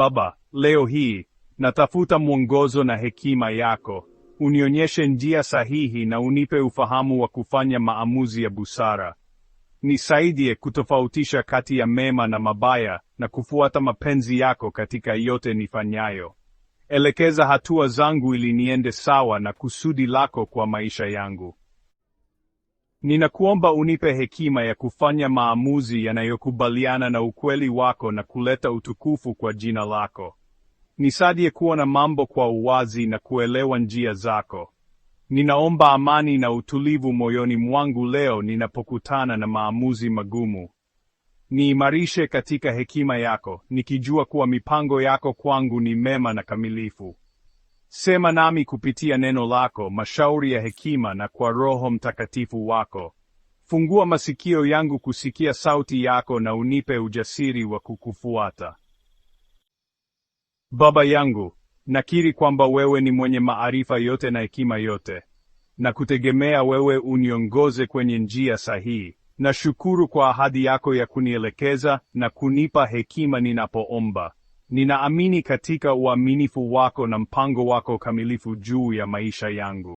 Baba, leo hii natafuta mwongozo na hekima yako. Unionyeshe njia sahihi na unipe ufahamu wa kufanya maamuzi ya busara. Nisaidie kutofautisha kati ya mema na mabaya na kufuata mapenzi yako katika yote nifanyayo. Elekeza hatua zangu ili niende sawa na kusudi lako kwa maisha yangu. Ninakuomba unipe hekima ya kufanya maamuzi yanayokubaliana na ukweli wako na kuleta utukufu kwa jina lako. Nisaidie kuona mambo kwa uwazi na kuelewa njia zako. Ninaomba amani na utulivu moyoni mwangu leo ninapokutana na maamuzi magumu. Niimarishe katika hekima yako, nikijua kuwa mipango yako kwangu ni mema na kamilifu. Sema nami kupitia neno lako, mashauri ya hekima na kwa Roho Mtakatifu wako. Fungua masikio yangu kusikia sauti yako na unipe ujasiri wa kukufuata. Baba yangu, nakiri kwamba wewe ni mwenye maarifa yote na hekima yote. Na kutegemea wewe uniongoze kwenye njia sahihi. Nashukuru kwa ahadi yako ya kunielekeza na kunipa hekima ninapoomba. Ninaamini katika uaminifu wako na mpango wako kamilifu juu ya maisha yangu.